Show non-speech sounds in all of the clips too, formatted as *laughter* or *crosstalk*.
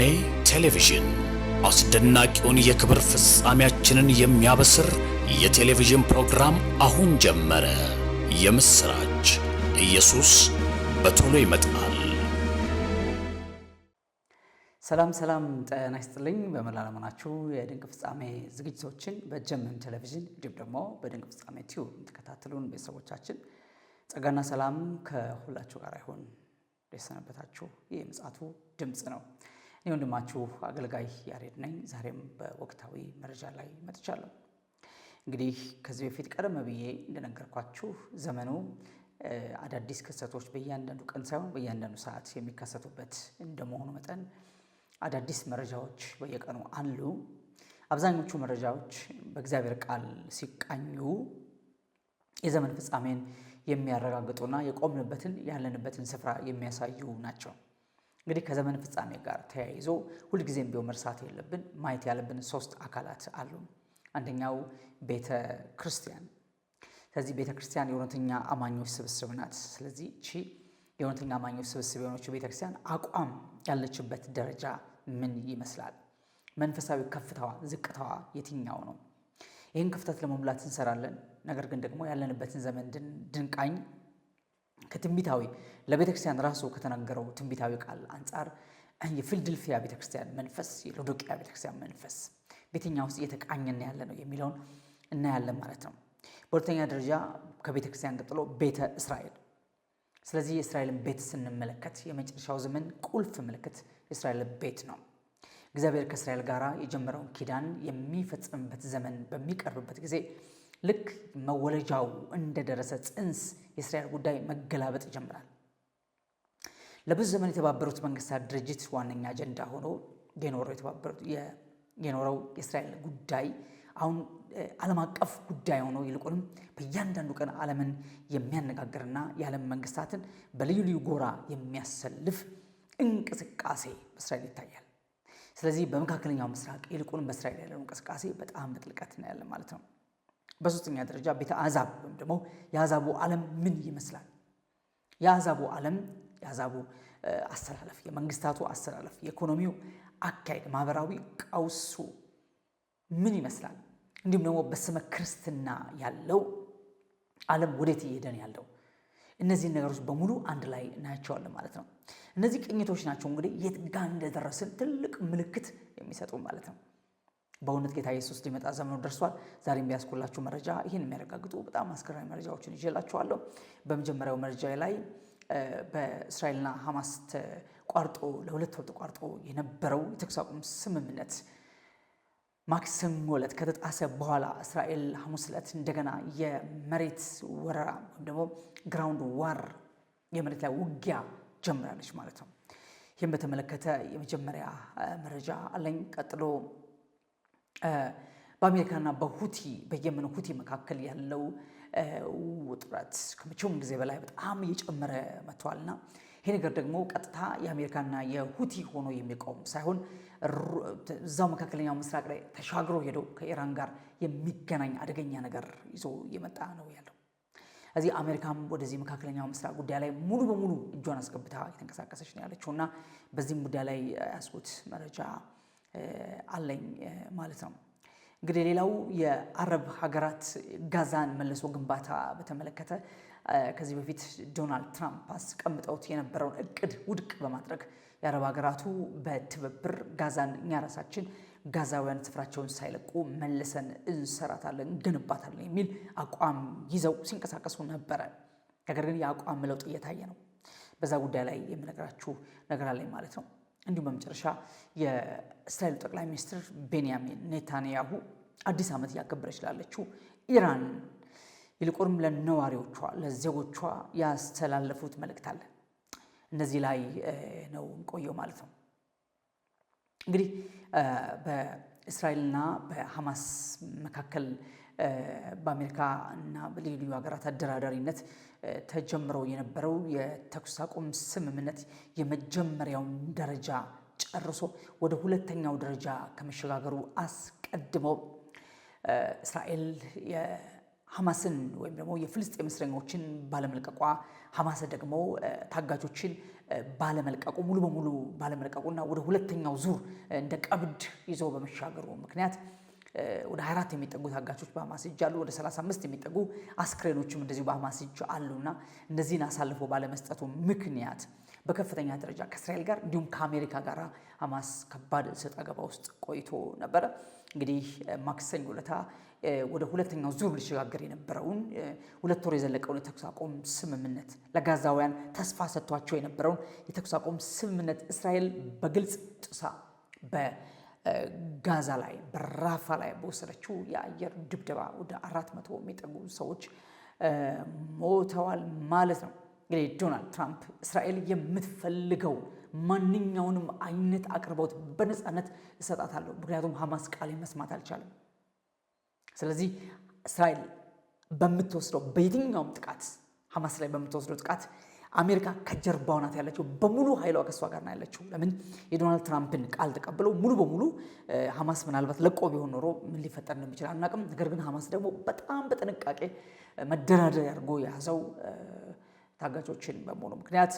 ድራሜ ቴሌቪዥን አስደናቂውን የክብር ፍጻሜያችንን የሚያበስር የቴሌቪዥን ፕሮግራም አሁን ጀመረ። የምስራች ኢየሱስ በቶሎ ይመጣል። ሰላም ሰላም፣ ጤና ይስጥልኝ። በመላ ዓለማችሁ የድንቅ ፍጻሜ ዝግጅቶችን በጀመም ቴሌቪዥን እንዲሁም ደግሞ በድንቅ ፍጻሜ ቲዩ የምትከታተሉን ቤተሰቦቻችን ጸጋና ሰላም ከሁላችሁ ጋር ይሁን። ደስ ይህ የምፅዓቱ ድምፅ ነው። እኔ ወንድማችሁ አገልጋይ ያሬድ ነኝ። ዛሬም በወቅታዊ መረጃ ላይ መጥቻለሁ። እንግዲህ ከዚህ በፊት ቀደም ብዬ እንደነገርኳችሁ ዘመኑ አዳዲስ ክስተቶች በእያንዳንዱ ቀን ሳይሆን በእያንዳንዱ ሰዓት የሚከሰቱበት እንደመሆኑ መጠን አዳዲስ መረጃዎች በየቀኑ አሉ። አብዛኞቹ መረጃዎች በእግዚአብሔር ቃል ሲቃኙ የዘመን ፍጻሜን የሚያረጋግጡና የቆምንበትን ያለንበትን ስፍራ የሚያሳዩ ናቸው። እንግዲህ ከዘመን ፍጻሜ ጋር ተያይዞ ሁልጊዜም ቢሆን መርሳት የለብን ማየት ያለብን ሶስት አካላት አሉ። አንደኛው ቤተ ክርስቲያን። ስለዚህ ቤተ ክርስቲያን የእውነተኛ አማኞች ስብስብ ናት። ስለዚህ ቺ የእውነተኛ አማኞች ስብስብ የሆነችው ቤተ ክርስቲያን አቋም ያለችበት ደረጃ ምን ይመስላል? መንፈሳዊ ከፍታዋ ዝቅታዋ የትኛው ነው? ይህን ክፍተት ለመሙላት እንሰራለን። ነገር ግን ደግሞ ያለንበትን ዘመን ድንቃኝ ከትንቢታዊ ለቤተክርስቲያን ራሱ ከተናገረው ትንቢታዊ ቃል አንጻር የፊልድልፊያ ቤተክርስቲያን መንፈስ፣ የሎዶቅያ ቤተክርስቲያን መንፈስ ቤተኛ ውስጥ እየተቃኘን ያለ ነው የሚለውን እናያለን ማለት ነው። በሁለተኛ ደረጃ ከቤተክርስቲያን ቀጥሎ ቤተ እስራኤል ስለዚህ የእስራኤልን ቤት ስንመለከት የመጨረሻው ዘመን ቁልፍ ምልክት የእስራኤል ቤት ነው። እግዚአብሔር ከእስራኤል ጋር የጀመረውን ኪዳን የሚፈጽምበት ዘመን በሚቀርብበት ጊዜ ልክ መወለጃው እንደደረሰ ጽንስ የእስራኤል ጉዳይ መገላበጥ ይጀምራል። ለብዙ ዘመን የተባበሩት መንግስታት ድርጅት ዋነኛ አጀንዳ ሆኖ የኖረው የእስራኤል ጉዳይ አሁን ዓለም አቀፍ ጉዳይ ሆኖ ይልቁንም በእያንዳንዱ ቀን ዓለምን የሚያነጋግርና የዓለም መንግስታትን በልዩ ልዩ ጎራ የሚያሰልፍ እንቅስቃሴ በእስራኤል ይታያል። ስለዚህ በመካከለኛው ምስራቅ ይልቁንም በእስራኤል ያለው እንቅስቃሴ በጣም በጥልቀት እናያለን ማለት ነው። በሶስተኛ ደረጃ ቤተ አዛብ ወይም ደግሞ የአዛቡ ዓለም ምን ይመስላል? የአዛቡ ዓለም የአዛቡ አሰላለፍ፣ የመንግስታቱ አሰላለፍ፣ የኢኮኖሚው አካሄድ፣ ማህበራዊ ቀውሱ ምን ይመስላል? እንዲሁም ደግሞ በስመ ክርስትና ያለው ዓለም ወዴት እየሄደን ያለው እነዚህን ነገሮች በሙሉ አንድ ላይ እናያቸዋለን ማለት ነው። እነዚህ ቅኝቶች ናቸው እንግዲህ የት ጋ እንደደረስን ትልቅ ምልክት የሚሰጡ ማለት ነው። በእውነት ጌታ ኢየሱስ ሊመጣ ዘመኑ ደርሷል። ዛሬ ቢያስኩላችሁ መረጃ ይህን የሚያረጋግጡ በጣም አስገራሚ መረጃዎችን ይዤላችኋለሁ። በመጀመሪያው መረጃ ላይ በእስራኤልና ሐማስ ተቋርጦ ለሁለት ወር ተቋርጦ የነበረው የተኩስ አቁም ስምምነት ማክሰኞ ዕለት ከተጣሰ በኋላ እስራኤል ሐሙስ ዕለት እንደገና የመሬት ወረራ ወይም ደግሞ ግራውንድ ዋር የመሬት ላይ ውጊያ ጀምራለች ማለት ነው። ይህም በተመለከተ የመጀመሪያ መረጃ አለኝ። ቀጥሎ በአሜሪካና በሁቲ በየመን ሁቲ መካከል ያለው ውጥረት ከመቼውም ጊዜ በላይ በጣም እየጨመረ መጥቷልና ይሄ ነገር ደግሞ ቀጥታ የአሜሪካና የሁቲ ሆኖ የሚቆም ሳይሆን እዛው መካከለኛው ምስራቅ ላይ ተሻግሮ ሄዶ ከኢራን ጋር የሚገናኝ አደገኛ ነገር ይዞ እየመጣ ነው ያለው። እዚህ አሜሪካም ወደዚህ መካከለኛው ምስራቅ ጉዳይ ላይ ሙሉ በሙሉ እጇን አስገብታ የተንቀሳቀሰች ነው ያለችው እና በዚህም ጉዳይ ላይ ያስኩት መረጃ አለኝ ማለት ነው። እንግዲህ ሌላው የአረብ ሀገራት ጋዛን መልሶ ግንባታ በተመለከተ ከዚህ በፊት ዶናልድ ትራምፕ አስቀምጠውት የነበረውን እቅድ ውድቅ በማድረግ የአረብ ሀገራቱ በትብብር ጋዛን እኛ ራሳችን ጋዛውያን ስፍራቸውን ሳይለቁ መልሰን እንሰራታለን፣ እንገንባታለን የሚል አቋም ይዘው ሲንቀሳቀሱ ነበረ። ነገር ግን የአቋም ለውጥ እየታየ ነው። በዛ ጉዳይ ላይ የምነግራችሁ ነገር አለኝ ማለት ነው። እንዲሁም በመጨረሻ የእስራኤሉ ጠቅላይ ሚኒስትር ቤንያሚን ኔታንያሁ አዲስ ዓመት እያከበረች ላለችው ኢራን ይልቁንም ለነዋሪዎቿ ለዜጎቿ ያስተላለፉት መልእክት አለ። እነዚህ ላይ ነው ቆየው ማለት ነው። እንግዲህ በእስራኤልና በሐማስ መካከል በአሜሪካ እና በልዩ ልዩ ሀገራት አደራዳሪነት ተጀምረው የነበረው የተኩስ አቁም ስምምነት የመጀመሪያውን ደረጃ ጨርሶ ወደ ሁለተኛው ደረጃ ከመሸጋገሩ አስቀድሞ እስራኤል ሐማስን ወይም ደግሞ የፍልስጤም እስረኞችን ባለመልቀቋ ሐማስ ደግሞ ታጋቾችን ባለመልቀቁ ሙሉ በሙሉ ባለመልቀቁና ወደ ሁለተኛው ዙር እንደ ቀብድ ይዞ በመሻገሩ ምክንያት ወደ 24 የሚጠጉ ታጋቾች በሐማስ እጅ አሉ። ወደ 35 የሚጠጉ አስክሬኖችም እንደዚሁ በሐማስ እጅ አሉና እነዚህን አሳልፎ ባለመስጠቱ ምክንያት በከፍተኛ ደረጃ ከእስራኤል ጋር እንዲሁም ከአሜሪካ ጋር ሐማስ ከባድ ሰጥ አገባ ውስጥ ቆይቶ ነበረ። እንግዲህ ማክሰኞ ዕለት ወደ ሁለተኛው ዙር ሊሸጋገር የነበረውን ሁለት ወር የዘለቀውን የተኩስ አቁም ስምምነት ለጋዛውያን ተስፋ ሰጥቷቸው የነበረውን የተኩስ አቁም ስምምነት እስራኤል በግልጽ ጥሳ ጋዛ ላይ በራፋ ላይ በወሰደችው የአየር ድብደባ ወደ አራት መቶ የሚጠጉ ሰዎች ሞተዋል ማለት ነው። እንግዲህ ዶናልድ ትራምፕ እስራኤል የምትፈልገው ማንኛውንም አይነት አቅርቦት በነፃነት እሰጣታለሁ፣ ምክንያቱም ሐማስ ቃል መስማት አልቻለም። ስለዚህ እስራኤል በምትወስደው በየትኛውም ጥቃት ሐማስ ላይ በምትወስደው ጥቃት አሜሪካ ከጀርባው ናት ያለችው። በሙሉ ኃይሏ ከእሷ ጋር ነው ያለችው። ለምን የዶናልድ ትራምፕን ቃል ተቀብለው ሙሉ በሙሉ ሐማስ ምናልባት ለቆ ቢሆን ኖሮ ምን ሊፈጠር እንደሚችል አናቅም። ነገር ግን ሐማስ ደግሞ በጣም በጥንቃቄ መደራደሪያ አድርጎ የያዘው ታጋቾችን በመሆኑ ምክንያት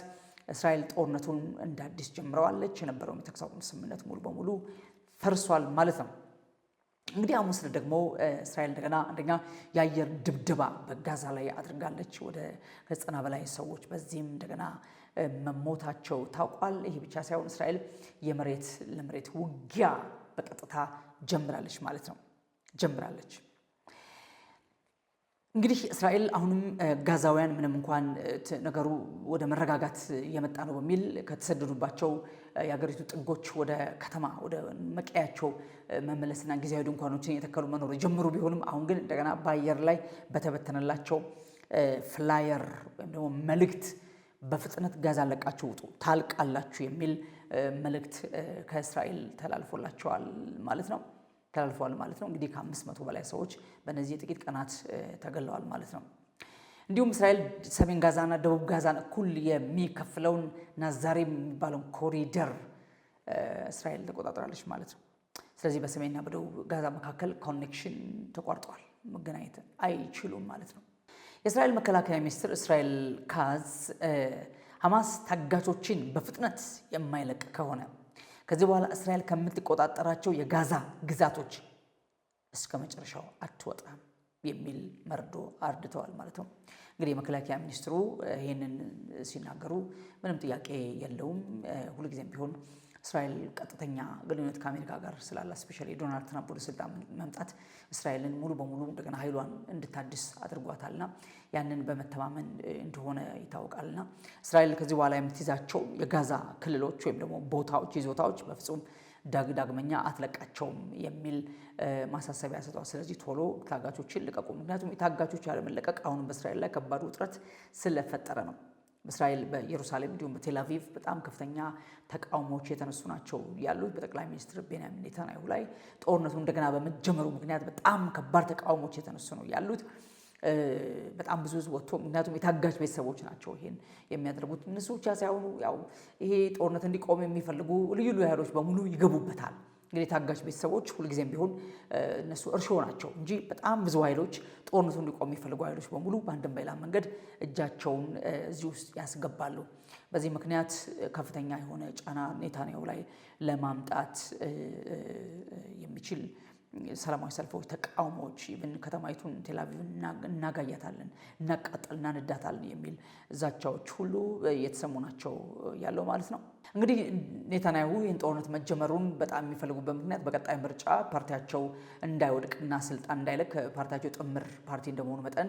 እስራኤል ጦርነቱን እንደ አዲስ ጀምረዋለች። የነበረውን የተኩስ አቁም ስምምነት ሙሉ በሙሉ ፈርሷል ማለት ነው። እንግዲህ ሐሙስ ዕለት ደግሞ እስራኤል እንደገና አንደኛ የአየር ድብደባ በጋዛ ላይ አድርጋለች። ወደ ዘጠና በላይ ሰዎች በዚህም እንደገና መሞታቸው ታውቋል። ይህ ብቻ ሳይሆን እስራኤል የመሬት ለመሬት ውጊያ በቀጥታ ጀምራለች ማለት ነው ጀምራለች። እንግዲህ እስራኤል አሁንም ጋዛውያን ምንም እንኳን ነገሩ ወደ መረጋጋት የመጣ ነው በሚል ከተሰደዱባቸው የሀገሪቱ ጥጎች ወደ ከተማ ወደ መቀያቸው መመለስና ጊዜያዊ ድንኳኖችን የተከሉ መኖር የጀመሩ ቢሆንም አሁን ግን እንደገና በአየር ላይ በተበተነላቸው ፍላየር ወይም ደግሞ መልእክት በፍጥነት ጋዛ ለቃችሁ ውጡ ታልቃላችሁ የሚል መልእክት ከእስራኤል ተላልፎላቸዋል ማለት ነው ተላልፈዋል ማለት ነው። እንግዲህ ከአምስት መቶ በላይ ሰዎች በእነዚህ የጥቂት ቀናት ተገለዋል ማለት ነው። እንዲሁም እስራኤል ሰሜን ጋዛና ደቡብ ጋዛን እኩል የሚከፍለውን ናዛሬ የሚባለውን ኮሪደር እስራኤል ተቆጣጥራለች ማለት ነው። ስለዚህ በሰሜንና በደቡብ ጋዛ መካከል ኮኔክሽን ተቋርጧል። መገናኘት አይችሉም ማለት ነው። የእስራኤል መከላከያ ሚኒስትር እስራኤል ካዝ ሐማስ ታጋቾችን በፍጥነት የማይለቅ ከሆነ ከዚህ በኋላ እስራኤል ከምትቆጣጠራቸው የጋዛ ግዛቶች እስከ መጨረሻው አትወጣም የሚል መርዶ አርድተዋል ማለት ነው። እንግዲህ የመከላከያ ሚኒስትሩ ይህንን ሲናገሩ ምንም ጥያቄ የለውም። ሁልጊዜም ቢሆን እስራኤል ቀጥተኛ ግንኙነት ከአሜሪካ ጋር ስላላት ስፔሻሊ ዶናልድ ትራምፕ ወደ ስልጣን መምጣት እስራኤልን ሙሉ በሙሉ እንደገና ኃይሏን እንድታድስ አድርጓታልና ያንን በመተማመን እንደሆነ ይታወቃልና እስራኤል ከዚህ በኋላ የምትይዛቸው የጋዛ ክልሎች ወይም ደግሞ ቦታዎች ይዞታዎች በፍጹም ዳግመኛ አትለቃቸውም የሚል ማሳሰቢያ ሰጥቷል። ስለዚህ ቶሎ ታጋቾችን ልቀቁ። ምክንያቱም የታጋቾች ያለመለቀቅ አሁንም በእስራኤል ላይ ከባድ ውጥረት ስለፈጠረ ነው። በእስራኤል በኢየሩሳሌም እንዲሁም በቴላቪቭ በጣም ከፍተኛ ተቃውሞዎች የተነሱ ናቸው ያሉት። በጠቅላይ ሚኒስትር ቤንያሚን ኔታንያሁ ላይ ጦርነቱ እንደገና በመጀመሩ ምክንያት በጣም ከባድ ተቃውሞዎች የተነሱ ነው ያሉት። በጣም ብዙ ህዝብ ወጥቶ ምክንያቱም የታጋጅ ቤተሰቦች ናቸው ይሄን የሚያደርጉት። እነሱ ብቻ ሳይሆኑ ያው ይሄ ጦርነት እንዲቆም የሚፈልጉ ልዩ ልዩ ኃይሎች በሙሉ ይገቡበታል። እንግዲህ የታጋጅ ቤተሰቦች ሁልጊዜም ቢሆን እነሱ እርሾ ናቸው እንጂ በጣም ብዙ ኃይሎች ጦርነቱ እንዲቆም የሚፈልጉ ኃይሎች በሙሉ በአንድም በሌላ መንገድ እጃቸውን እዚህ ውስጥ ያስገባሉ። በዚህ ምክንያት ከፍተኛ የሆነ ጫና ኔታንያሁ ላይ ለማምጣት የሚችል ሰላማዊ ሰልፎች፣ ተቃውሞዎች ብን ከተማይቱን ቴልአቪቭ እናጋያታለን፣ እናቃጠል፣ እናንዳታለን የሚል ዛቻዎች ሁሉ የተሰሙ ናቸው ያለው ማለት ነው። እንግዲህ ኔታንያሁ ይህን ጦርነት መጀመሩን በጣም የሚፈልጉበት ምክንያት በቀጣይ ምርጫ ፓርቲያቸው እንዳይወድቅና ስልጣን እንዳይለቅ ፓርቲያቸው ጥምር ፓርቲ እንደመሆኑ መጠን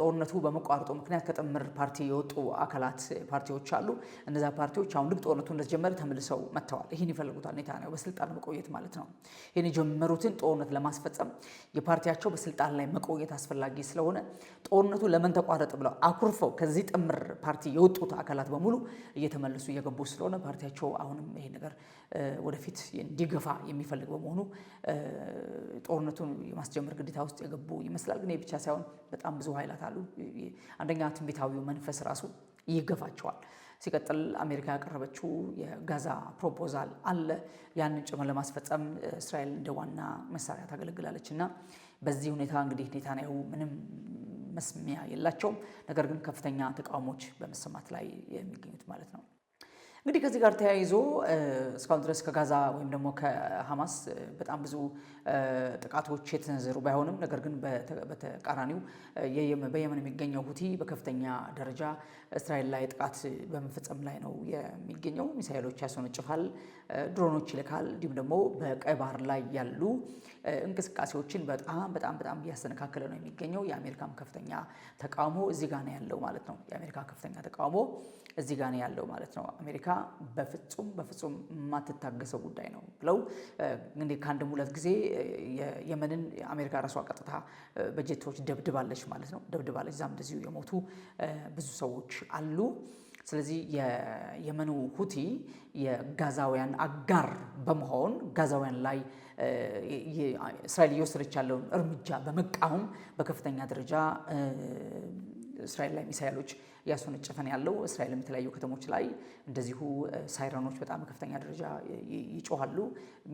ጦርነቱ በመቋረጡ ምክንያት ከጥምር ፓርቲ የወጡ አካላት ፓርቲዎች አሉ። እነዚ ፓርቲዎች አሁን ልክ ጦርነቱ እንደተጀመረ ተመልሰው መጥተዋል። ይህን ይፈልጉታል ኔታንያሁ በስልጣን መቆየት ማለት ነው። ይህን የጀመሩትን ጦርነት ለማስፈጸም የፓርቲያቸው በስልጣን ላይ መቆየት አስፈላጊ ስለሆነ ጦርነቱ ለምን ተቋረጥ ብለው አኩርፈው ከዚህ ጥምር ፓርቲ የወጡት አካላት በሙሉ እየተመለሱ እየገቡ ስለሆነ ፓርቲያቸው አሁንም ይሄ ነገር ወደፊት እንዲገፋ የሚፈልግ በመሆኑ ጦርነቱን የማስጀመር ግዴታ ውስጥ የገቡ ይመስላል። ግን ብቻ ሳይሆን በጣም ብዙ ኃይላት አሉ። አንደኛ ትንቢታዊው መንፈስ ራሱ ይገፋቸዋል። ሲቀጥል አሜሪካ ያቀረበችው የጋዛ ፕሮፖዛል አለ። ያንን ጭምር ለማስፈጸም እስራኤል እንደ ዋና መሳሪያ ታገለግላለች እና በዚህ ሁኔታ እንግዲህ ኔታንያሁ ምንም መስሚያ የላቸውም። ነገር ግን ከፍተኛ ተቃውሞች በመሰማት ላይ የሚገኙት ማለት ነው። እንግዲህ ከዚህ ጋር ተያይዞ እስካሁን ድረስ ከጋዛ ወይም ደግሞ ከሐማስ በጣም ብዙ ጥቃቶች የተሰነዘሩ ባይሆንም ነገር ግን በተቃራኒው በየመን የሚገኘው ሁቲ በከፍተኛ ደረጃ እስራኤል ላይ ጥቃት በመፈጸም ላይ ነው የሚገኘው። ሚሳኤሎች ያስወነጭፋል። ድሮኖች ይልካል። እንዲሁም ደግሞ በቀይ ባህር ላይ ያሉ እንቅስቃሴዎችን በጣም በጣም በጣም እያስተነካከለ ነው የሚገኘው። የአሜሪካም ከፍተኛ ተቃውሞ እዚህ ጋ ነው ያለው ማለት ነው። የአሜሪካ ከፍተኛ ተቃውሞ እዚህ ጋ ነው ያለው ማለት ነው። አሜሪካ በፍጹም በፍጹም የማትታገሰው ጉዳይ ነው ብለው እንግዲህ ከአንድም ሁለት ጊዜ የመንን አሜሪካ ራሷ ቀጥታ በጀቶች ደብድባለች ማለት ነው፣ ደብድባለች። እዛም እንደዚሁ የሞቱ ብዙ ሰዎች አሉ። ስለዚህ የየመኑ ሁቲ የጋዛውያን አጋር በመሆን ጋዛውያን ላይ እስራኤል እየወሰደች ያለውን እርምጃ በመቃወም በከፍተኛ ደረጃ እስራኤል ላይ ሚሳይሎች እያስወነጨፈን ያለው እስራኤልም የተለያዩ ከተሞች ላይ እንደዚሁ ሳይረኖች በጣም ከፍተኛ ደረጃ ይጮሃሉ፣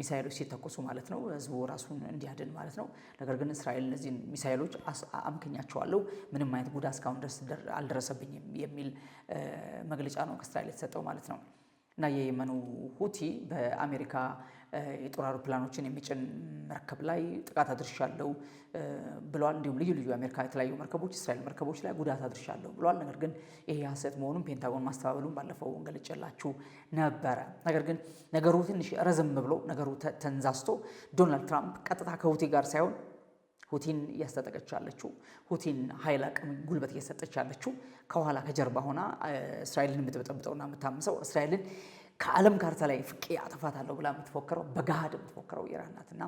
ሚሳይሎች ሲተኮሱ ማለት ነው፣ ህዝቡ ራሱን እንዲያድን ማለት ነው። ነገር ግን እስራኤል እነዚህን ሚሳይሎች አምክኛቸዋለሁ፣ ምንም አይነት ጉዳ እስካሁን ድረስ አልደረሰብኝም የሚል መግለጫ ነው ከእስራኤል የተሰጠው ማለት ነው። እና የየመኑ ሁቲ በአሜሪካ የጦር አውሮፕላኖችን የሚጭን መርከብ ላይ ጥቃት አድርሻለሁ ብለዋል። እንዲሁም ልዩ ልዩ የአሜሪካ የተለያዩ መርከቦች፣ እስራኤል መርከቦች ላይ ጉዳት አድርሻለሁ ብለዋል። ነገር ግን ይሄ ሐሰት መሆኑን ፔንታጎን ማስተባበሉን ባለፈው እንገልጨላችሁ ነበረ። ነገር ግን ነገሩ ትንሽ ረዘም ብሎ ነገሩ ተንዛዝቶ ዶናልድ ትራምፕ ቀጥታ ከሁቲ ጋር ሳይሆን ሁቲን እያስታጠቀች ያለችው ሁቲን ኃይል አቅም ጉልበት እየሰጠች ያለችው ከኋላ ከጀርባ ሆና እስራኤልን የምትበጠብጠውና የምታምሰው እስራኤልን ከዓለም ካርታ ላይ ፍቄ አለው ብላ የምትፎክረው በገሃድ የምትፎክረው ኢራን ናት እና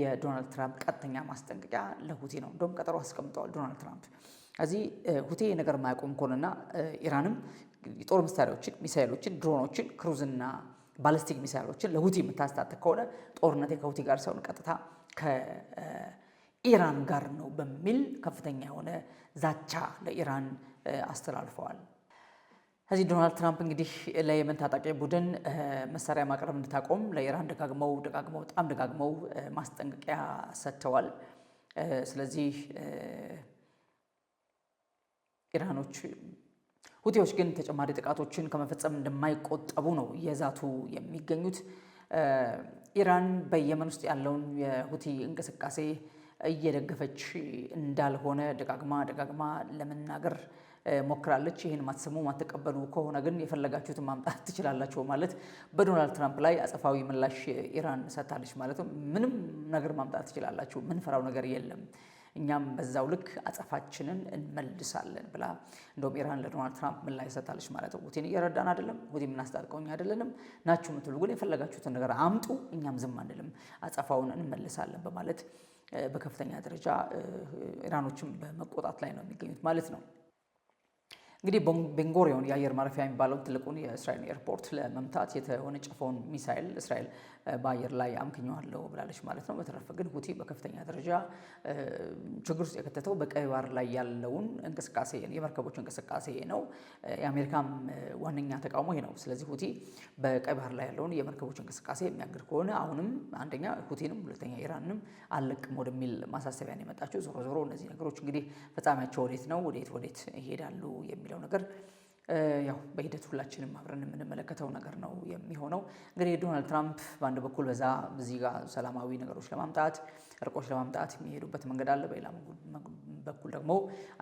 የዶናልድ ትራምፕ ቀጥተኛ ማስጠንቀቂያ ለሁቲ ነው። እንደውም ቀጠሮ አስቀምጠዋል ዶናልድ ትራምፕ። እዚህ ሁቲ ነገር ማያቆም ከሆነና ኢራንም የጦር መሳሪያዎችን፣ ሚሳይሎችን፣ ድሮኖችን፣ ክሩዝና ባለስቲክ ሚሳይሎችን ለሁቲ የምታስታጥቅ ከሆነ ጦርነት ከሁቲ ጋር ሳይሆን ቀጥታ ኢራን ጋር ነው በሚል ከፍተኛ የሆነ ዛቻ ለኢራን አስተላልፈዋል። ከዚህ ዶናልድ ትራምፕ እንግዲህ ለየመን ታጣቂ ቡድን መሳሪያ ማቅረብ እንድታቆም ለኢራን ደጋግመው ደጋግመው በጣም ደጋግመው ማስጠንቀቂያ ሰጥተዋል። ስለዚህ ኢራኖች ሁቲዎች ግን ተጨማሪ ጥቃቶችን ከመፈጸም እንደማይቆጠቡ ነው የዛቱ የሚገኙት። ኢራን በየመን ውስጥ ያለውን የሁቲ እንቅስቃሴ እየደገፈች እንዳልሆነ ደጋግማ ደጋግማ ለመናገር ሞክራለች። ይህን ማትሰሙ ማትቀበሉ ከሆነ ግን የፈለጋችሁትን ማምጣት ትችላላችሁ ማለት በዶናልድ ትራምፕ ላይ አጸፋዊ ምላሽ ኢራን ሰጥታለች ማለት ነው። ምንም ነገር ማምጣት ትችላላችሁ፣ ምንፈራው ነገር የለም እኛም በዛው ልክ አጸፋችንን እንመልሳለን ብላ እንደውም ኢራን ለዶናልድ ትራምፕ ምላሽ ላይ ማለት ነው። ሁቲን እየረዳን አይደለም፣ ሁቲ የምናስታጥቀው እኛ አይደለንም ናችሁ የምትሉ ግን የፈለጋችሁትን ነገር አምጡ፣ እኛም ዝም አንልም፣ አጸፋውን እንመልሳለን በማለት በከፍተኛ ደረጃ ኢራኖችም በመቆጣት ላይ ነው የሚገኙት ማለት ነው። እንግዲህ ቤንጎሪዮን የአየር ማረፊያ የሚባለውን ትልቁን የእስራኤል ኤርፖርት ለመምታት የተወነጨፈውን ሚሳይል እስራኤል በአየር ላይ አምክኘዋለሁ ብላለች ማለት ነው። በተረፈ ግን ሁቲ በከፍተኛ ደረጃ ችግር ውስጥ የከተተው በቀይ ባህር ላይ ያለውን እንቅስቃሴ የመርከቦች እንቅስቃሴ ነው። የአሜሪካም ዋነኛ ተቃውሞ ይሄ ነው። ስለዚህ ሁቲ በቀይ ባህር ላይ ያለውን የመርከቦች እንቅስቃሴ የሚያግድ ከሆነ አሁንም አንደኛ ሁቲንም፣ ሁለተኛ ኢራንንም አለቅም ወደሚል ማሳሰቢያ ነው ዞሮ ዞሮ እነዚህ ነገሮች እንግዲህ ፈጻሚያቸው ወዴት ነው ወዴት ወዴት ይሄዳሉ የሚለው ነገር ያው በሂደት ሁላችንም አብረን የምንመለከተው ነገር ነው የሚሆነው። እንግዲህ ዶናልድ ትራምፕ በአንድ በኩል በዛ እዚህ ጋር ሰላማዊ ነገሮች ለማምጣት እርቆች ለማምጣት የሚሄዱበት መንገድ አለ። በሌላ በኩል ደግሞ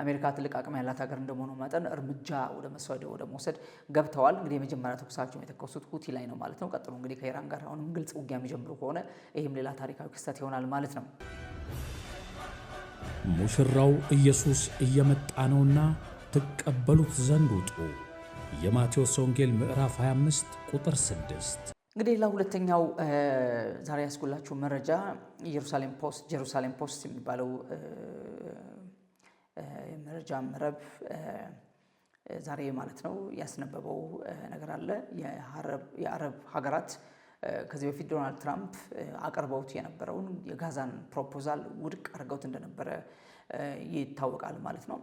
አሜሪካ ትልቅ አቅም ያላት ሀገር እንደመሆኑ መጠን እርምጃ ወደ መስወደ ወደ መውሰድ ገብተዋል። እንግዲህ የመጀመሪያ ተኩሳቸው የተከሱት ሁቲ ላይ ነው ማለት ነው። ቀጥሎ እንግዲህ ከኢራን ጋር አሁንም ግልጽ ውጊያ የሚጀምሩ ከሆነ ይህም ሌላ ታሪካዊ ክስተት ይሆናል ማለት ነው። ሙሽራው ኢየሱስ እየመጣ ነውና ትቀበሉት ዘንድ ውጡ። የማቴዎስ ወንጌል ምዕራፍ 25 ቁጥር 6። እንግዲህ ለሁለተኛው ዛሬ ያስጎላችሁ መረጃ ኢየሩሳሌም ፖስት ጀሩሳሌም ፖስት የሚባለው መረጃ መረብ ዛሬ ማለት ነው ያስነበበው ነገር አለ። የአረብ ሀገራት ከዚህ በፊት ዶናልድ ትራምፕ አቅርበውት የነበረውን የጋዛን ፕሮፖዛል ውድቅ አድርገውት እንደነበረ ይታወቃል ማለት ነው።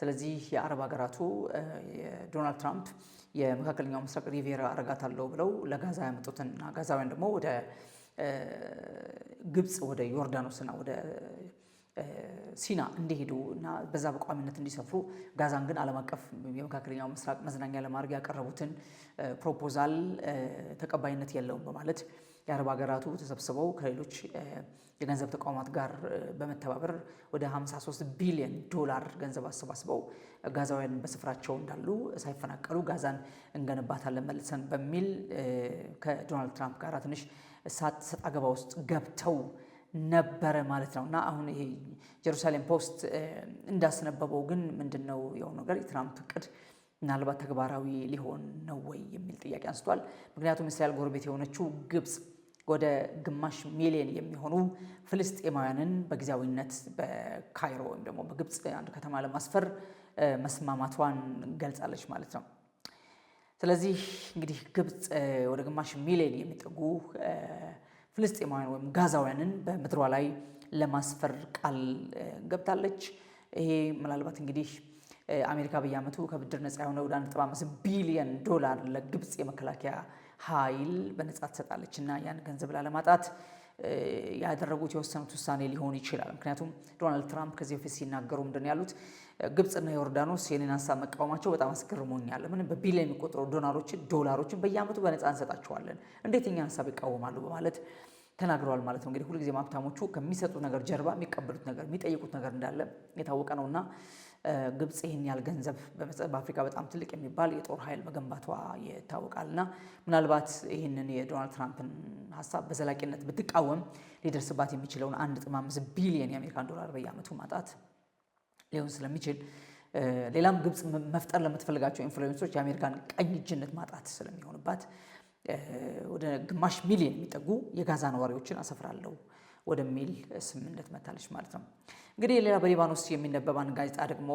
ስለዚህ የአረብ ሀገራቱ ዶናልድ ትራምፕ የመካከለኛው ምስራቅ ሪቬራ አረጋታለሁ ብለው ለጋዛ ያመጡትን እና ጋዛውያን ደግሞ ወደ ግብፅ፣ ወደ ዮርዳኖስና ወደ ሲና እንዲሄዱ እና በዛ በቋሚነት እንዲሰፍሩ ጋዛን ግን ዓለም አቀፍ የመካከለኛው ምስራቅ መዝናኛ ለማድረግ ያቀረቡትን ፕሮፖዛል ተቀባይነት የለውም በማለት የአረብ ሀገራቱ ተሰብስበው ከሌሎች የገንዘብ ተቋማት ጋር በመተባበር ወደ 53 ቢሊዮን ዶላር ገንዘብ አሰባስበው ጋዛውያን በስፍራቸው እንዳሉ ሳይፈናቀሉ ጋዛን እንገነባታለን መልሰን በሚል ከዶናልድ ትራምፕ ጋር ትንሽ እሳት ሰጥ አገባ ውስጥ ገብተው ነበረ ማለት ነው። እና አሁን ይሄ ጀሩሳሌም ፖስት እንዳስነበበው ግን ምንድን ነው ነገር የትራምፕ እቅድ ምናልባት ተግባራዊ ሊሆን ነው ወይ የሚል ጥያቄ አንስቷል። ምክንያቱም እስራኤል ጎረቤት የሆነችው ግብፅ ወደ ግማሽ ሚሊየን የሚሆኑ ፍልስጤማውያንን በጊዜያዊነት በካይሮ ወይም ደግሞ በግብፅ አንድ ከተማ ለማስፈር መስማማቷን ገልጻለች ማለት ነው። ስለዚህ እንግዲህ ግብፅ ወደ ግማሽ ሚሊየን የሚጠጉ ፍልስጤማውያን ወይም ጋዛውያንን በምድሯ ላይ ለማስፈር ቃል ገብታለች። ይሄ ምናልባት እንግዲህ አሜሪካ በየዓመቱ ከብድር ነፃ የሆነ ወደ 1.5 ቢሊዮን ዶላር ለግብፅ የመከላከያ ኃይል በነጻ ትሰጣለች እና ያን ገንዘብ ላለማጣት ያደረጉት የወሰኑት ውሳኔ ሊሆን ይችላል። ምክንያቱም ዶናልድ ትራምፕ ከዚህ በፊት ሲናገሩ ምንድን ያሉት ግብፅና ዮርዳኖስ የኔን ሀሳብ መቃወማቸው በጣም አስገርሞኛል። ምንም በቢሊዮን የሚቆጠሩ ዶላሮችን ዶላሮችን በየአመቱ በነፃ እንሰጣቸዋለን እንዴት የኛን ሀሳብ ይቃወማሉ? በማለት ተናግረዋል ማለት ነው። እንግዲህ ሁልጊዜም ሀብታሞቹ ከሚሰጡት ነገር ጀርባ የሚቀበሉት ነገር የሚጠይቁት ነገር እንዳለ የታወቀ ነውና ግብፅ ይህን ያህል ገንዘብ በአፍሪካ በጣም ትልቅ የሚባል የጦር ኃይል መገንባቷ ይታወቃል። እና ምናልባት ይህንን የዶናልድ ትራምፕን ሀሳብ በዘላቂነት ብትቃወም ሊደርስባት የሚችለውን አንድ ነጥብ አምስት ቢሊየን የአሜሪካን ዶላር በየዓመቱ ማጣት ሊሆን ስለሚችል ሌላም ግብፅ መፍጠር ለምትፈልጋቸው ኢንፍሉዌንሶች የአሜሪካን ቀኝ እጅነት ማጣት ስለሚሆንባት ወደ ግማሽ ሚሊዮን የሚጠጉ የጋዛ ነዋሪዎችን አሰፍራለሁ ወደሚል ስምምነት መታለች ማለት ነው። እንግዲህ ሌላ በሊባኖስ የሚነበባን ጋዜጣ ደግሞ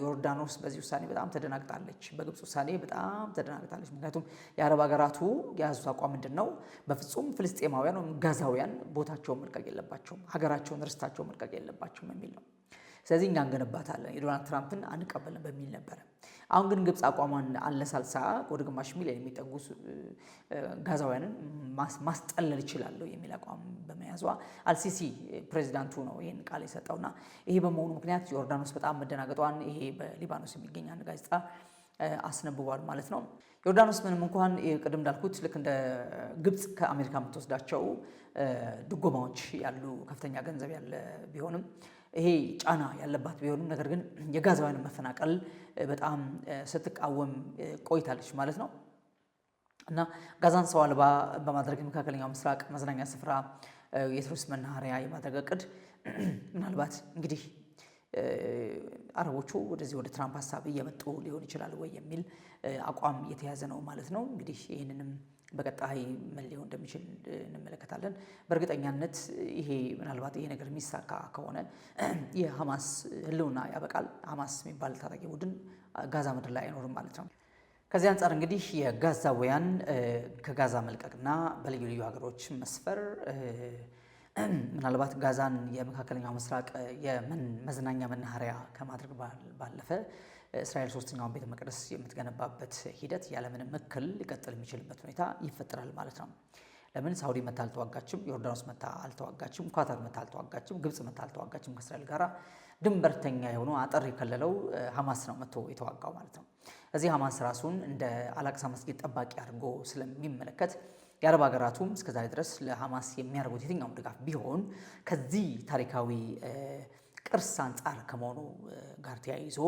ዮርዳኖስ በዚህ ውሳኔ በጣም ተደናግጣለች። በግብፅ ውሳኔ በጣም ተደናግጣለች። ምክንያቱም የአረብ ሀገራቱ የያዙት አቋም ምንድን ነው? በፍጹም ፍልስጤማውያን ወይም ጋዛውያን ቦታቸውን መልቀቅ የለባቸውም፣ ሀገራቸውን ርስታቸውን መልቀቅ የለባቸውም የሚል ነው። ስለዚህ እኛ እንገነባታለን፣ የዶናልድ ትራምፕን አንቀበልን በሚል ነበረ አሁን ግን ግብፅ አቋሟን አለሳልሳ ወደ ግማሽ ሚሊዮን የሚጠጉ ጋዛውያንን ማስጠለል ይችላለሁ የሚል አቋም በመያዟ አልሲሲ ፕሬዚዳንቱ ነው ይህን ቃል የሰጠውና ይሄ በመሆኑ ምክንያት ዮርዳኖስ በጣም መደናገጧን ይሄ በሊባኖስ የሚገኝ አንድ ጋዜጣ አስነብቧል ማለት ነው። ዮርዳኖስ ምንም እንኳን ቅድም እንዳልኩት ልክ እንደ ግብፅ ከአሜሪካ የምትወስዳቸው ድጎማዎች ያሉ ከፍተኛ ገንዘብ ያለ ቢሆንም ይሄ ጫና ያለባት ቢሆንም ነገር ግን የጋዛውያን መፈናቀል በጣም ስትቃወም ቆይታለች ማለት ነው እና ጋዛን ሰው አልባ በማድረግ የመካከለኛው ምስራቅ መዝናኛ ስፍራ የቱሪስት መናኸሪያ የማድረግ እቅድ ምናልባት እንግዲህ አረቦቹ ወደዚህ ወደ ትራምፕ ሀሳብ እየመጡ ሊሆን ይችላል ወይ የሚል አቋም የተያዘ ነው ማለት ነው። እንግዲህ ይህንንም በቀጣይ ምን ሊሆን እንደሚችል እንመለከታለን። በእርግጠኛነት ይሄ ምናልባት ይሄ ነገር የሚሳካ ከሆነ *clears throat* የሐማስ ህልውና ያበቃል። ሐማስ የሚባል ታጣቂ ቡድን ጋዛ ምድር ላይ አይኖርም ማለት ነው። ከዚህ አንጻር እንግዲህ የጋዛውያን ከጋዛ መልቀቅና በልዩ ልዩ ሀገሮች መስፈር *clears throat* ምናልባት ጋዛን የመካከለኛው ምስራቅ የመዝናኛ መናኸሪያ ከማድረግ ባለፈ እስራኤል ሶስተኛውን ቤተ መቅደስ የምትገነባበት ሂደት ያለምንም እክል ሊቀጥል የሚችልበት ሁኔታ ይፈጠራል ማለት ነው። ለምን ሳውዲ መታ አልተዋጋችም፣ ዮርዳኖስ መታ አልተዋጋችም፣ ኳታር መታ አልተዋጋችም፣ ግብፅ መታ አልተዋጋችም። ከእስራኤል ጋር ድንበርተኛ የሆኑ አጥር የከለለው ሐማስ ነው መቶ የተዋጋው ማለት ነው። እዚህ ሐማስ ራሱን እንደ አላቅሳ መስጊድ ጠባቂ አድርጎ ስለሚመለከት የአረብ ሀገራቱም እስከዛሬ ድረስ ለሐማስ የሚያደርጉት የትኛውም ድጋፍ ቢሆን ከዚህ ታሪካዊ ቅርስ አንጻር ከመሆኑ ጋር ተያይዞ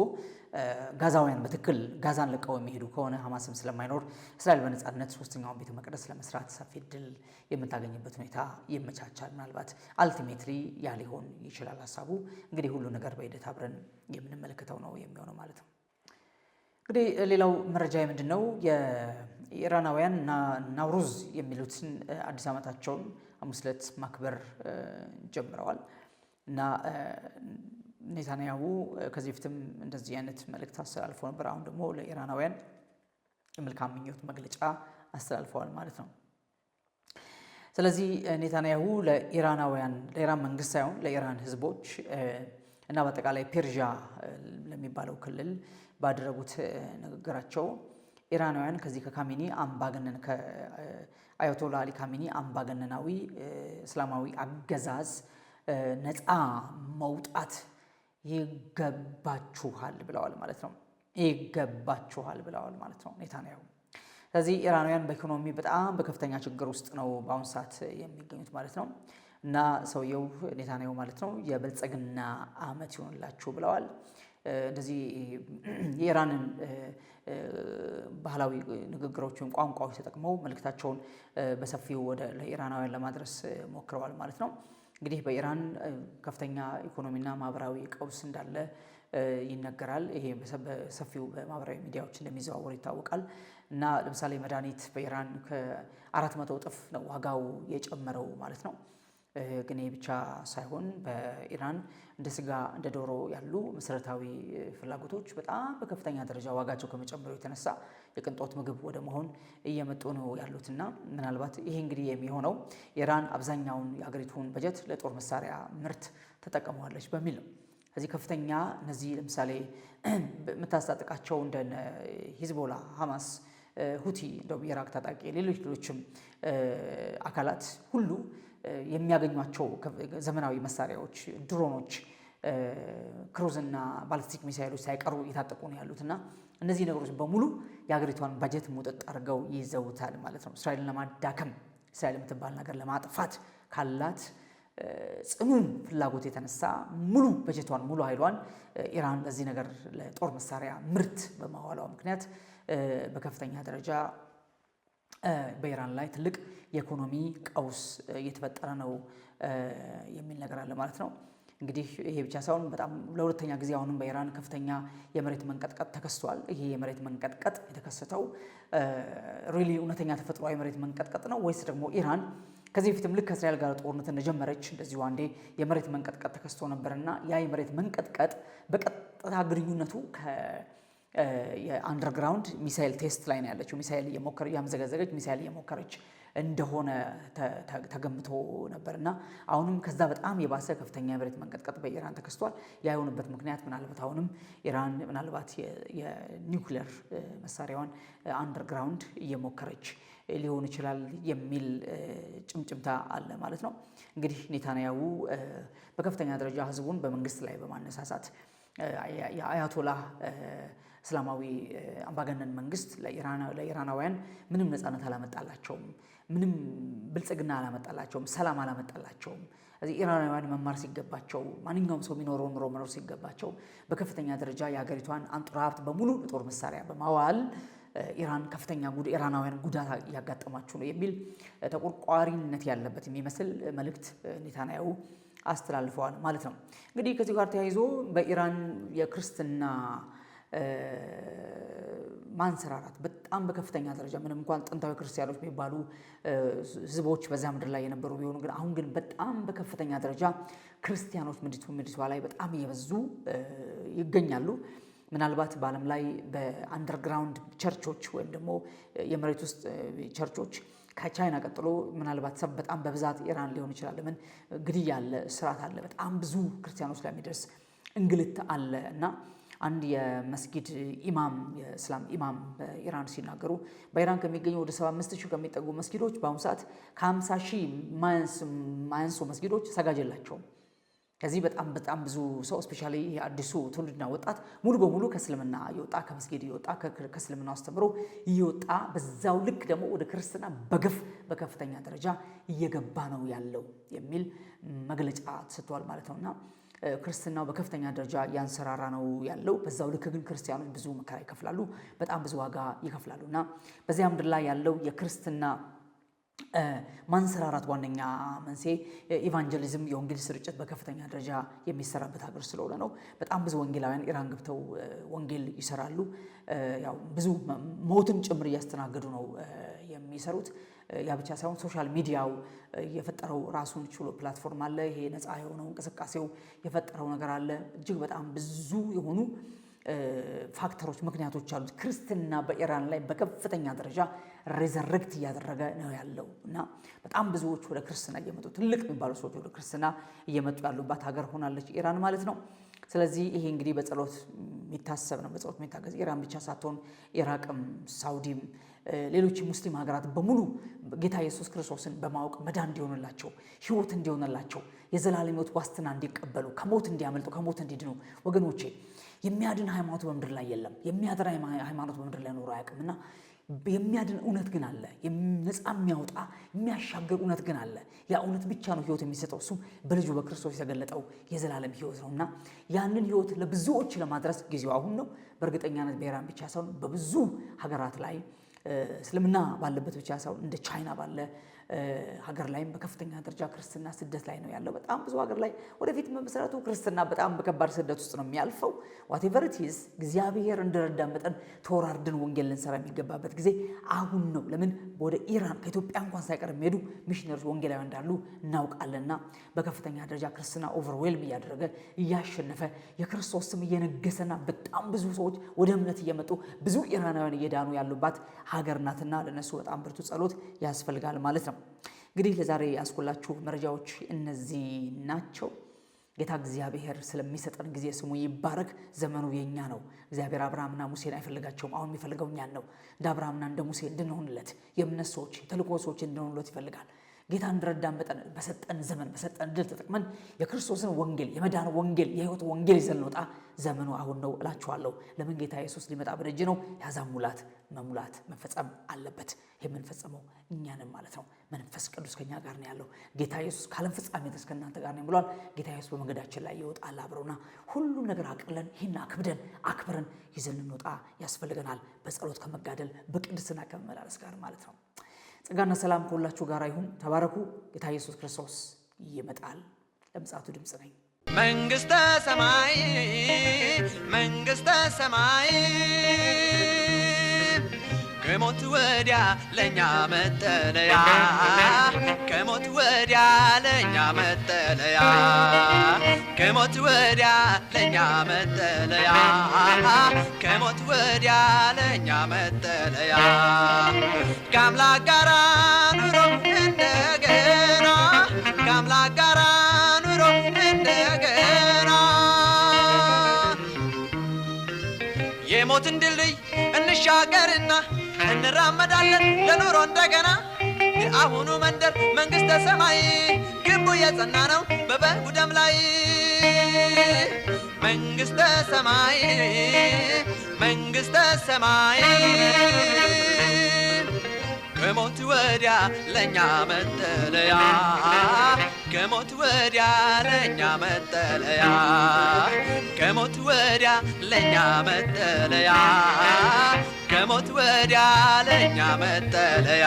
ጋዛውያን በትክክል ጋዛን ለቀው የሚሄዱ ከሆነ ሀማስም ስለማይኖር እስራኤል በነፃነት ሶስተኛውን ቤተ መቅደስ ለመስራት ሰፊ ድል የምታገኝበት ሁኔታ ይመቻቻል። ምናልባት አልቲሜትሊ ያ ሊሆን ይችላል ሀሳቡ። እንግዲህ ሁሉ ነገር በሂደት አብረን የምንመለከተው ነው የሚሆነው ማለት ነው። እንግዲህ ሌላው መረጃ የምንድን ነው? የኢራናውያን ናውሩዝ የሚሉትን አዲስ ዓመታቸውን ሐሙስ ዕለት ማክበር ጀምረዋል። እና ኔታንያሁ ከዚህ በፊትም እንደዚህ አይነት መልእክት አስተላልፎ ነበር። አሁን ደግሞ ለኢራናውያን የመልካም ምኞት መግለጫ አስተላልፈዋል ማለት ነው። ስለዚህ ኔታንያሁ ለኢራናውያን ለኢራን መንግስት ሳይሆን ለኢራን ህዝቦች እና በአጠቃላይ ፔርዣ ለሚባለው ክልል ባደረጉት ንግግራቸው ኢራናውያን ከዚህ ከካሚኒ አምባገነን ከአያቶላ አሊ ካሚኒ አምባገነናዊ እስላማዊ አገዛዝ ነፃ መውጣት ይገባችኋል ብለዋል ማለት ነው። ይገባችኋል ብለዋል ማለት ነው ኔታንያሁ። ስለዚህ ኢራናውያን በኢኮኖሚ በጣም በከፍተኛ ችግር ውስጥ ነው በአሁኑ ሰዓት የሚገኙት ማለት ነው። እና ሰውየው ኔታንያሁ ማለት ነው የብልጽግና አመት ይሆንላችሁ ብለዋል። እንደዚህ የኢራንን ባህላዊ ንግግሮችን፣ ቋንቋዎች ተጠቅመው መልእክታቸውን በሰፊው ወደ ኢራናውያን ለማድረስ ሞክረዋል ማለት ነው። እንግዲህ በኢራን ከፍተኛ ኢኮኖሚና ማህበራዊ ቀውስ እንዳለ ይነገራል። ይሄ በሰፊው በማህበራዊ ሚዲያዎች እንደሚዘዋወር ይታወቃል። እና ለምሳሌ መድኃኒት በኢራን ከአራት መቶ እጥፍ ነው ዋጋው የጨመረው ማለት ነው። ግን ይህ ብቻ ሳይሆን በኢራን እንደ ስጋ እንደ ዶሮ ያሉ መሰረታዊ ፍላጎቶች በጣም በከፍተኛ ደረጃ ዋጋቸው ከመጨመሩ የተነሳ የቅንጦት ምግብ ወደ መሆን እየመጡ ነው ያሉትና ምናልባት ይህ እንግዲህ የሚሆነው ኢራን አብዛኛውን የሀገሪቱን በጀት ለጦር መሳሪያ ምርት ተጠቀመዋለች በሚል ነው። ከዚህ ከፍተኛ እነዚህ ለምሳሌ የምታስታጥቃቸው እንደ ሂዝቦላ፣ ሐማስ ሁቲ እንደውም ኢራቅ ታጣቂ ሌሎች ሌሎችም አካላት ሁሉ የሚያገኟቸው ዘመናዊ መሳሪያዎች ድሮኖች፣ ክሩዝና ባልስቲክ ሚሳይሎች ሳይቀሩ እየታጠቁ ነው ያሉት እና እነዚህ ነገሮች በሙሉ የሀገሪቷን በጀት ሙጥጥ አድርገው ይዘውታል ማለት ነው። እስራኤልን ለማዳከም እስራኤል የምትባል ነገር ለማጥፋት ካላት ጽኑ ፍላጎት የተነሳ ሙሉ በጀቷን ሙሉ ኃይሏን ኢራን ለዚህ ነገር ለጦር መሳሪያ ምርት በማዋላው ምክንያት በከፍተኛ ደረጃ በኢራን ላይ ትልቅ የኢኮኖሚ ቀውስ እየተፈጠረ ነው የሚል ነገር አለ ማለት ነው። እንግዲህ ይሄ ብቻ ሳይሆን በጣም ለሁለተኛ ጊዜ አሁንም በኢራን ከፍተኛ የመሬት መንቀጥቀጥ ተከስቷል። ይሄ የመሬት መንቀጥቀጥ የተከሰተው ሪሊ እውነተኛ ተፈጥሯዊ የመሬት መንቀጥቀጥ ነው ወይስ ደግሞ ኢራን ከዚህ በፊትም ልክ ከእስራኤል ጋር ጦርነት እንደጀመረች እንደዚሁ አንዴ የመሬት መንቀጥቀጥ ተከስቶ ነበርና ያ የመሬት መንቀጥቀጥ በቀጥታ ግንኙነቱ የአንደርግራውንድ ሚሳይል ቴስት ላይ ነው ያለችው። ሚሳይል እየሞከረች ሚሳይል እየሞከረች እንደሆነ ተገምቶ ነበር እና አሁንም ከዛ በጣም የባሰ ከፍተኛ የመሬት መንቀጥቀጥ በኢራን ተከስቷል። ያ የሆነበት ምክንያት ምናልባት አሁንም ኢራን ምናልባት የኒውክሌር መሳሪያዋን አንደርግራውንድ እየሞከረች ሊሆን ይችላል የሚል ጭምጭምታ አለ ማለት ነው። እንግዲህ ኔታንያሁ በከፍተኛ ደረጃ ህዝቡን በመንግስት ላይ በማነሳሳት የአያቶላህ እስላማዊ አምባገነን መንግስት ለኢራናውያን ምንም ነፃነት አላመጣላቸውም ምንም ብልጽግና አላመጣላቸውም፣ ሰላም አላመጣላቸውም። እዚህ ኢራናውያን መማር ሲገባቸው ማንኛውም ሰው የሚኖረው ኑሮ መኖር ሲገባቸው በከፍተኛ ደረጃ የሀገሪቷን አንጡራ ሀብት በሙሉ ጦር መሳሪያ በማዋል ኢራን ከፍተኛ ኢራናውያን ጉዳት እያጋጠማችሁ ነው የሚል ተቆርቋሪነት ያለበት የሚመስል መልእክት ኔታንያሁ አስተላልፈዋል ማለት ነው። እንግዲህ ከዚህ ጋር ተያይዞ በኢራን የክርስትና ማንሰራራት በጣም በከፍተኛ ደረጃ ምንም እንኳን ጥንታዊ ክርስቲያኖች የሚባሉ ህዝቦች በዛ ምድር ላይ የነበሩ ቢሆኑ ግን አሁን ግን በጣም በከፍተኛ ደረጃ ክርስቲያኖች ምድቱ ምድቷ ላይ በጣም እየበዙ ይገኛሉ። ምናልባት በዓለም ላይ በአንደርግራውንድ ቸርቾች ወይም ደግሞ የመሬት ውስጥ ቸርቾች ከቻይና ቀጥሎ ምናልባት ሰብ በጣም በብዛት ኢራን ሊሆን ይችላል። ለምን ግድያ አለ፣ ስርዓት አለ፣ በጣም ብዙ ክርስቲያኖች ላይ የሚደርስ እንግልት አለ እና አንድ የመስጊድ ኢማም የእስላም ኢማም በኢራን ሲናገሩ በኢራን ከሚገኙ ወደ 75 ሺህ ከሚጠጉ መስጊዶች በአሁኑ ሰዓት ከ50 ሺህ ማያንሱ መስጊዶች ሰጋጅ የላቸውም። ከዚህ በጣም በጣም ብዙ ሰው እስፔሻሊ አዲሱ ትውልድና ወጣት ሙሉ በሙሉ ከእስልምና እየወጣ ከመስጊድ እየወጣ ከእስልምና አስተምሮ እየወጣ በዛው ልክ ደግሞ ወደ ክርስትና በገፍ በከፍተኛ ደረጃ እየገባ ነው ያለው የሚል መግለጫ ተሰጥቷል ማለት ነውና ክርስትናው በከፍተኛ ደረጃ እያንሰራራ ነው ያለው። በዛው ልክ ግን ክርስቲያኖች ብዙ መከራ ይከፍላሉ፣ በጣም ብዙ ዋጋ ይከፍላሉ እና በዚያ ምድር ላይ ያለው የክርስትና ማንሰራራት ዋነኛ መንስኤ ኢቫንጀሊዝም የወንጌል ስርጭት በከፍተኛ ደረጃ የሚሰራበት ሀገር ስለሆነ ነው። በጣም ብዙ ወንጌላውያን ኢራን ገብተው ወንጌል ይሰራሉ። ያው ብዙ ሞትን ጭምር እያስተናገዱ ነው የሚሰሩት። ያ ብቻ ሳይሆን ሶሻል ሚዲያው የፈጠረው ራሱን ችሎ ፕላትፎርም አለ። ይሄ ነፃ የሆነው እንቅስቃሴው የፈጠረው ነገር አለ። እጅግ በጣም ብዙ የሆኑ ፋክተሮች፣ ምክንያቶች አሉት። ክርስትና በኢራን ላይ በከፍተኛ ደረጃ ሬዘረግት እያደረገ ነው ያለው እና በጣም ብዙዎች ወደ ክርስትና እየመጡ ትልቅ የሚባሉ ሰዎች ወደ ክርስትና እየመጡ ያሉባት ሀገር ሆናለች ኢራን ማለት ነው። ስለዚህ ይሄ እንግዲህ በጸሎት የሚታሰብ ነው፣ በጸሎት የሚታገዝ ኢራን ብቻ ሳትሆን ኢራቅም ሳውዲም ሌሎች ሙስሊም ሀገራት በሙሉ ጌታ ኢየሱስ ክርስቶስን በማወቅ መዳን እንዲሆንላቸው ህይወት እንዲሆንላቸው የዘላለም ሕይወት ዋስትና እንዲቀበሉ ከሞት እንዲያመልጡ ከሞት እንዲድኑ። ወገኖቼ የሚያድን ሃይማኖት በምድር ላይ የለም። የሚያድን ሃይማኖት በምድር ላይ ኖሮ አያውቅም እና የሚያድን እውነት ግን አለ። ነፃ የሚያወጣ የሚያሻገር እውነት ግን አለ። ያ እውነት ብቻ ነው ህይወት የሚሰጠው እሱም በልጁ በክርስቶስ የተገለጠው የዘላለም ህይወት ነው እና ያንን ህይወት ለብዙዎች ለማድረስ ጊዜው አሁን ነው። በእርግጠኛነት ብሔራን ብቻ ሳይሆን በብዙ ሀገራት ላይ እስልምና ባለበት ብቻ ሳይሆን እንደ ቻይና ባለ ሀገር ላይም በከፍተኛ ደረጃ ክርስትና ስደት ላይ ነው ያለው። በጣም ብዙ ሀገር ላይ ወደፊት መሰረቱ ክርስትና በጣም በከባድ ስደት ውስጥ ነው የሚያልፈው። ዋቴቨር ኢትዝ እግዚአብሔር እንደረዳን መጠን ተወራርድን ወንጌል ልንሰራ የሚገባበት ጊዜ አሁን ነው። ለምን ወደ ኢራን ከኢትዮጵያ እንኳን ሳይቀር የሚሄዱ ሚሽነሮች ወንጌላዊ እንዳሉ እናውቃለንና በከፍተኛ ደረጃ ክርስትና ኦቨርዌልም እያደረገ እያሸነፈ የክርስቶስ ስም እየነገሰና በጣም ብዙ ሰዎች ወደ እምነት እየመጡ ብዙ ኢራናውያን እየዳኑ ያሉባት ሀገር ናትና ለነሱ በጣም ብርቱ ጸሎት ያስፈልጋል ማለት ነው። እንግዲህ ለዛሬ ያስኩላችሁ መረጃዎች እነዚህ ናቸው። ጌታ እግዚአብሔር ስለሚሰጠን ጊዜ ስሙ ይባረክ። ዘመኑ የኛ ነው። እግዚአብሔር አብርሃምና ሙሴን አይፈልጋቸውም። አሁን የሚፈልገው እኛን ነው። እንደ አብርሃምና እንደ ሙሴ እንድንሆንለት የእምነት ሰዎች፣ የተልእኮ ሰዎች እንድንሆንለት ይፈልጋል። ጌታ እንድረዳን መጠን በሰጠን ዘመን በሰጠን ድል ተጠቅመን የክርስቶስን ወንጌል የመዳን ወንጌል የህይወት ወንጌል ይዘን እንወጣ። ዘመኑ አሁን ነው እላችኋለሁ። ለምን ጌታ ኢየሱስ ሊመጣ በደጅ ነው። የአሕዛብ ሙላት መሙላት መፈጸም አለበት። የምንፈጸመው እኛንም ማለት ነው። መንፈስ ቅዱስ ከኛ ጋር ነው ያለው። ጌታ ኢየሱስ ከዓለም ፍጻሜ ድረስ ከእናንተ ጋር ነው ብሏል። ጌታ ኢየሱስ በመንገዳችን ላይ ይወጣል አብረውና ሁሉም ነገር አቅለን ይህን አክብደን አክብረን ይዘን ልንወጣ ያስፈልገናል። በጸሎት ከመጋደል በቅድስና ከመመላለስ ጋር ማለት ነው። ጸጋና ሰላም ከሁላችሁ ጋር ይሁን። ተባረኩ። ጌታ ኢየሱስ ክርስቶስ ይመጣል። ለምጽአቱ ድምፅ ነኝ። መንግስተ ሰማይ መንግስተ ሰማይ ከሞት ወዲያ ለእኛ መጠለያ ወዲያ ለእኛ መጠለያ ከሞት ወዲያ ለእኛ መጠለያ ከሞት ወዲያ ለእኛ መጠለያ ከአምላክ ጋራ ኑሮ እንደገና ከአምላክ ጋራ ኑሮ እንደገና የሞትን ድልድይ እንሻገርና እንራመዳለን ለኑሮ እንደገና አሁኑ መንደር መንግሥተ ሰማይ ግቡ የጸና ነው በበጉ ደም ላይ መንግሥተ ሰማይ መንግሥተ ሰማይ ከሞት ወዲያ ለእኛ መጠለያ ከሞት ወዲያ ለእኛ መጠለያ ከሞት ወዲያ ለእኛ መጠለያ ከሞት ወዲያ ለእኛ መጠለያ